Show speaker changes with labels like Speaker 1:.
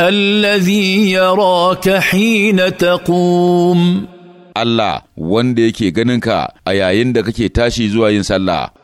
Speaker 1: الذي يراك حين تقوم allah wanda yake ganin ka a yayin da kake tashi zuwa yin sallah